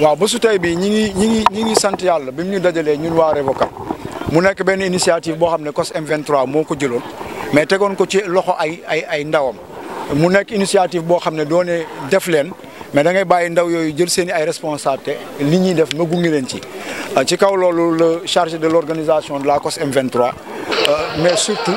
waaw ba su tey bi ñi ngi ñi ngi ñi sant yàlla bi mu ñu dajalee ñun waa Revoca mu nekk benn initiative boo xam ne COS M23 moo ko jëloon mais tegoon ko ci loxo ay ay ay ndawam mu nekk initiative boo xam ne doone def leen mais da ngay bàyyi ndaw yooyu jël seen i ay responsabilité ni ñuy def nga gunge leen ci ci kaw loolu le de l' organisation de la COS M23 euh, mais surtout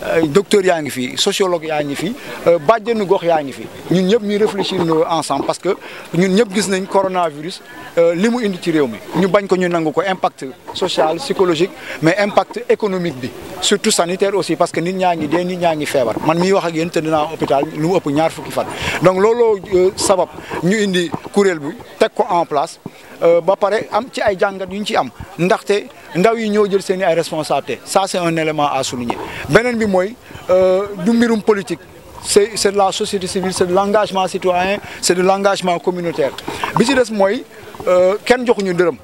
Euh, docteur yaa fi sociologue yaa fi euh, bàjjenu gox yaa fi ñun ñep ñu réfléchir ensemble parce que ñun ñep gis nañ coronavirus euh, li mu indi ci réew mi ñu bañ ko ñu nang ko impact social psychologique mais impact économique bi surtout sanitaire aussi parce que nit ñaa ngi dee nit ñaa ngi fièvre. man mi wax ak yéen tëdd naa hôpital lu ëpp ñaar fukki fan donc lolo sabab ñu indi courriel bi tek ko en place Euh, ba pare am ci ay jàngat yu ñu ci am ndaxte ndaw yi ñoo jël seen i ay responsabilité ça c'est un élément à souligner beneen bi mooy euh, du mbirum politique c'est c'est de la société civile c'est de l'engagement citoyen c'est de l'engagement communautaire bi ci des mooy euh, kenn joxuñu dërëm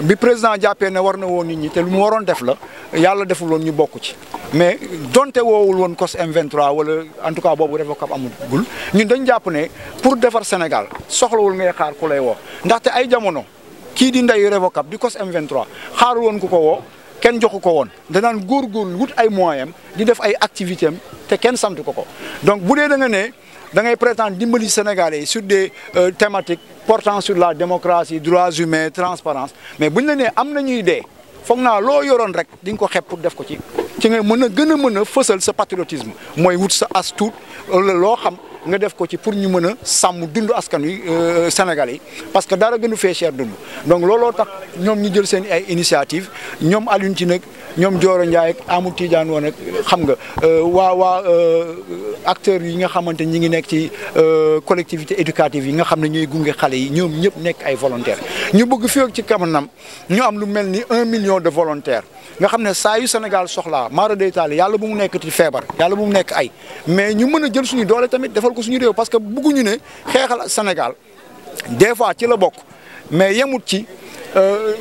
bi président jàppee ne war na woon nit ñi te lu mu waroon def la yalla deful won ñu bokku ci mais donté woowul won COS M23 wala en tout cas bobu revocable amul gul ñun dañ japp né pour defar Sénégal soxlawul ngay xaar ku lay woo ndaxte ay jamono ki di nday revocable di COS M23 xaarul won ku ko wo ken joxu ko won da nan gor gor wut ay moyens di def ay activités té ken sant ko ko donc boudé da nga né da ngay prétendre dimbali Sénégalais sur des euh, thématiques portant sur la démocratie droits humains transparence mais buñ la né am nañuy ñuy foog naa loo yoroon rek di ko xeeb pour def ko ci ci nga mën a gën a mën a fësal sa patriotisme mooy wut sa as tuut loo xam. nga def ko ci pour ñu mën a sàmm dund askan wi euh, euh, Sénégal yi parce que dara gënu fee cher dund donc looloo tax ñoom ñu jël seen ay initiative ñoom Alioune ci nag ñoom Dior Ndiaye ak Amou Tidiane woon xam nga euh, waa waa acteurs yi nga xamante ñi ngi nekk ci collectivité éducative yi nga xam ne ñooy gunge xale yi ñoom ñëpp nekk ay volontaires ñu bëgg fii ak ci kamanam ñu am lu mel ni un million de volontaires nga xam ne saa yu Sénégal soxlaa maara day taal yàlla bu mu nekk ci feebar yàlla bu mu nekk ay mais ñu mën a jël suñu doole tamit defal ko suñu dee parce que bëgguñu ne xeexal Sénégal des fois ci la bokk mais yemut ci euh,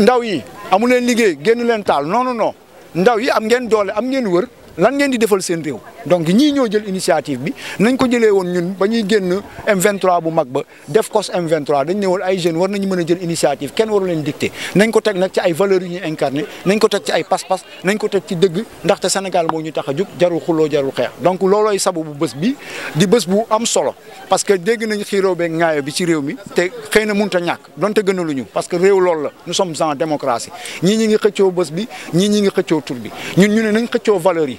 ndaw yi amu leen liggéey génn leen taal non non ndaw yi am geen doole am ngeen wër. lan ngeen di defal seen rew donc ñi ñoo jël initiative bi nañ ko jëlé woon ñun bañuy ñuy génn M23 bu mag ba def kos M23 dañ ne ay jeune war nañu mëna jël initiative kenn waru leen dicté nañ ko tek nak ci ay valeurs yu ñuy incarné nañ ko tek ci ay pas-pas nañ ko tek ci dëgg ndax ndaxte Sénégal mo ñu tax a jug jarul xuloo jarul xeex donc loolooy sababu bés bi di bëss bu am solo parce que dégg nañ xiro beeg ngaayo bi ci rew mi te xeyna na ñak donte gënalu ñu parce que rew lool la nous sommes en démocratie ñi ñi ngi xëccoo bëss bi ñi ñi ngi xëccoo tur bi ñun ñu ne nañ xëccoo valeurs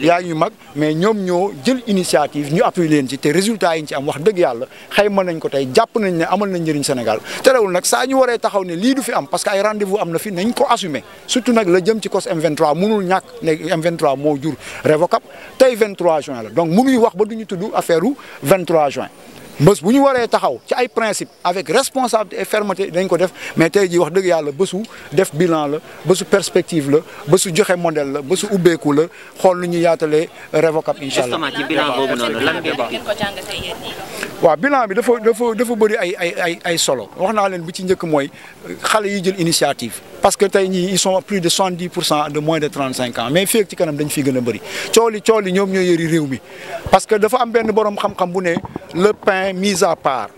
yaa ñu mag mais ñoom ñoo jël initiative ñu appuyé leen am wax dëgg yàlla xayma nañ ko tey jàpp nañ ne amal na njëriñ Sénégal te rewul nag saa ñu am parce que ay rendez vous am na fi nañ ko assumé surtout nag la jëm ci cos M23 mënul ñàkk ne M23 bés bu ñu waree taxaw ci ay principe avec responsabilité et fermeté dañ ko def mais tay jii wax deug yalla bésu def bilan la bésu perspective la bésu joxe modèle la bésu ubbeeku la xool nu ñu yaatalee révocable inshallah justement ci bilan boobu non lan ngeen ko jàngatee yéen waaw bilan bi dafa dafa dafa bëri ay ay ay solo waxna len bu ci ñëk moy xalé yi jël initiative. parce que tay ñi ils sont plus de 70% de moins de 35 ans mais fi ci kanam dañ fi gëna a bëri cooli ñom ñoy yëri réew mi parce que dafa am benn borom xam-xam bu ne le pain mis à part,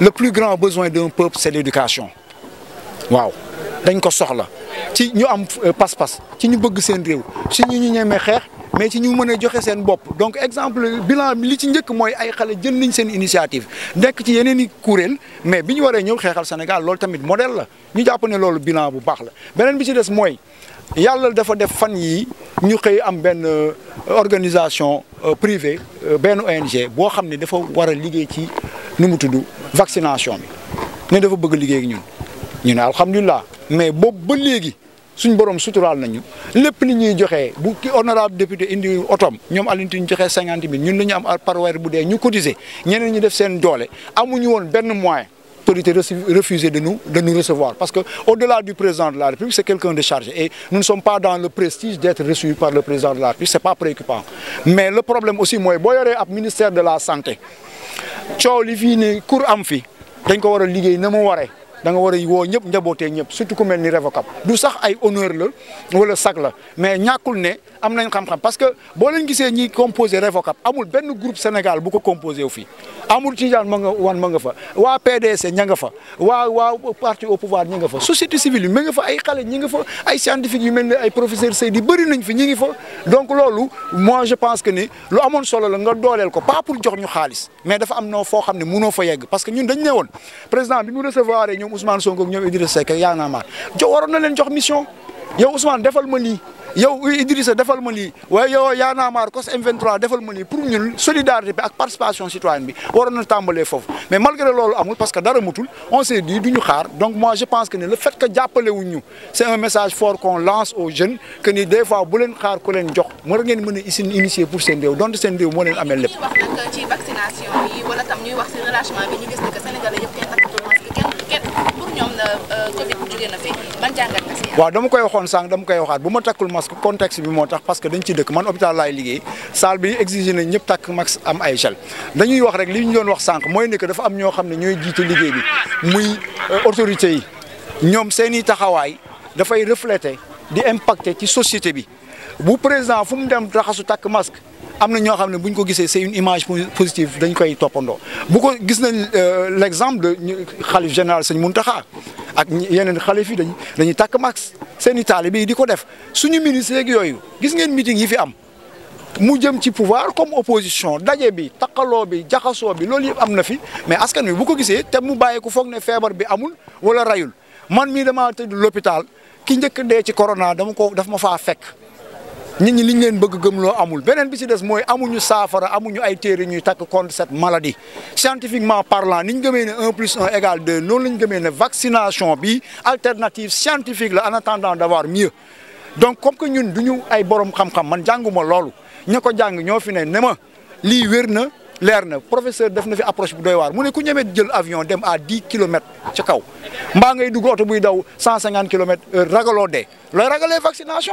le plus grand besoin d'un peuple c'est l'éducation waaw dañ ko soxla ci ñu am euh, pas-pas ci ñu bëgg seen réew ci ñu ñu ñemee xeex mais ci ñu mëna a joxe seen bop donc exemple bilan li ci njëkk moy ay xalé jël nañ seen initiative nek ci yeneeni i mais biñu waré waree ñëw xeexal Sénégal lool tamit modèle la ñu japp né lool bilan bu baax la benen bi ci dess moy yalla dafa def fan yi ñu xey am ben organisation euh, privée euh, ben ONG bo xamné dafa wara a liggéey ci nu mu tudd vaccination bi né dafa bëgg liggéey ak ñun ñu ne alhamdulilah mais bo ba légui suñ borom suturaal nañu lepp ni ñuy joxé bu ki honorable député indi otom ñom alinti joxé 50000 ñun la ñu am par weer bu dé ñu cotiser ñeneen ñi def seen doolé amuñu won ben moyen autorités de nous, de nous recevoir. Parce qu'au-delà du président de la République, c'est quelqu'un de chargé. Et nous ne sommes pas dans le prestige d'être reçus par le président de la République, ce pas préoccupant. Mais le problème aussi, moi, si ministère de la Santé, si li da nga war a woo ñëpp njabootee ñëpp surtout ku mel ni révocable du sax ay honneur la wala sac la mais ñàkkul ne am nañ xam-xam parce que bo leen gisé ñi composer révocable amul ben groupe Sénégal bu ko composer fi amul tidiane ma nga wan ma nga fa wa PDC ña nga fa wa wa parti au pouvoir ñi nga fa société civile yi ma nga fa ay xalé ñi nga fa ay scientifique yu melni ay professeur Seydi bari nañ fi ñi nga fa donc lolu moi je pense que ni lu amone solo la nga dooleel ko pas pour jox ñu xaliss mais dafa am no fo xamni mëno fa yegg parce que ñun dañ néwon président bi mu recevoir ñoom Ousmane Sonko ak ñoom Idrissa Seck ak yaa naa maar jo waroon na leen jox mission yow Ousmane defal ma lii yow Idrissa defal ma lii way yow yaa naa maar COS M23 defal ma lii pour ñun solidarité bi ak participation citoyenne bi waroon na tambalé fofu mais malgré lolu amul parce que dara mutul on s'est dit duñu xaar donc moi je pense que ne le fait que jàppale wuñ ñu c'est un message fort qu'on lance aux jeunes que ni des fois bu leen xaar ku leen jox war ngeen mëna ici isin initier pour sen réew donte sen réew mo leen amee lépp. ci vaccination yi wala tam ñuy wax ci relâchement bi ñu gis ne que Sénégalais yëpp Euh, Covid jógee waaw dama koy waxoon sànq dama koy waxaat bu ma takkul masque contexte bi moo tax parce que dañ ci dëkk man hôpital laay liggéey salle bi exigé na ñëpp takk max am ay gel dañuy wax rek li ñu doon wax sànq mooy ne que dafa am ñoo xam ne ñooy jiitu liggéey bi muy euh, autorités yi ñoom seen i taxawaay dafay refléter di impacter ci société bi bu président fu mu dem taxasu takk masque am na ñoo xam ne ko gisee c'est une image positive dañ koy toppandoo bu ko gis nañ euh, l'exemple de xalif général sëñ Mountakha ak yeneen xalif yi dañ dañuy takk max seen i taalibe def suñu ministre yeeg yooyu gis ngeen meeting yi fi am mu jëm ci pouvoir comme opposition daje bi takkaloo bi jaxasoo bi loolu yëpp am fi mais askan wi bu ko gisee te mu bàyyi ko foog ne bi amul wala rayul man mii damaa tëdd l'hôpital ki njëkk dee ci corona dama ko daf ma faa fekk nit ñi liñ leen bëgg gëm loo amul beneen bi ci des mooy amuñu saafara amuñu ay téere ñuy takk contre cette maladie scientifiquement parlant ni ñu gëmee ne un plus un égale deux noonu la ñu gëmee ne vaccination bi alternative scientifique la en attendant d'avoir mieux donc comme que ñun duñu ay borom xam-xam man jànguma loolu ñu ko jàng ñoo fi ne nema lii wér na leer na professeur def na fi approche bu doy waar mu ne ku ñemee jël avion dem à dix kilomètres ci kaw mbaa ngay dugg oto daw cent cinquante kilomètres euh, ragaloo dee ragalee vaccination